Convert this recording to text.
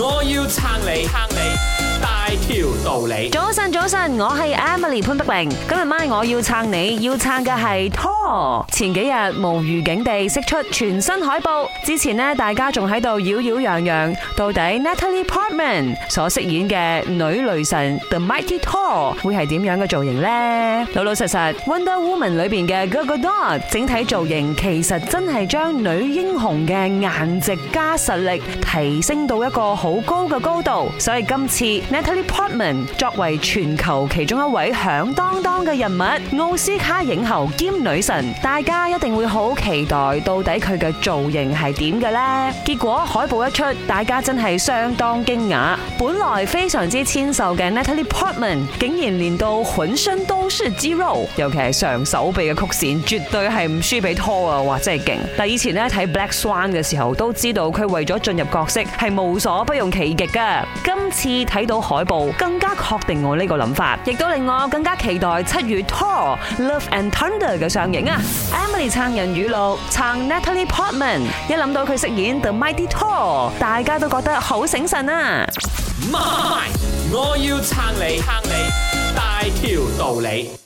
我要撐你，撐你大條道理。早晨，早晨，我係 Emily 潘碧玲。今日晚我要撐你，要撐嘅係 Thor。前幾日無預警地釋出全新海報，之前呢大家仲喺度擾擾攘攘。到底 Natalie Portman 所飾演嘅女雷神 The Mighty Thor 會係點樣嘅造型呢？老老實實 Wonder Woman 裏面嘅 Gal Gadot，整體造型其實真係將女英雄嘅顏值加實力提升到一個好高嘅高度，所以今次 Natalie Portman 作為全球其中一位響噹噹嘅人物，奧斯卡影后兼女神，大家一定會好期待到底佢嘅造型係點嘅咧？結果海報一出，大家真係相當驚訝，本來非常之纖瘦嘅 Natalie Portman，竟然練到渾身都是肌肉，尤其係上手臂嘅曲線，絕對係唔輸俾 Thor 啊！或者係勁！但以前咧，睇 Black Swan 嘅時候，都知道佢為咗進入角色係無所不。用奇蹟嘅，今次睇到海報更加確定我呢個諗法，亦都令我更加期待七月《Thor Love and Thunder》嘅上映啊！Emily 撐人語錄，撐 Natalie Portman，一諗到佢飾演 The Mighty Thor，大家都覺得好醒神啊！我我要撐你，撐你大條道理。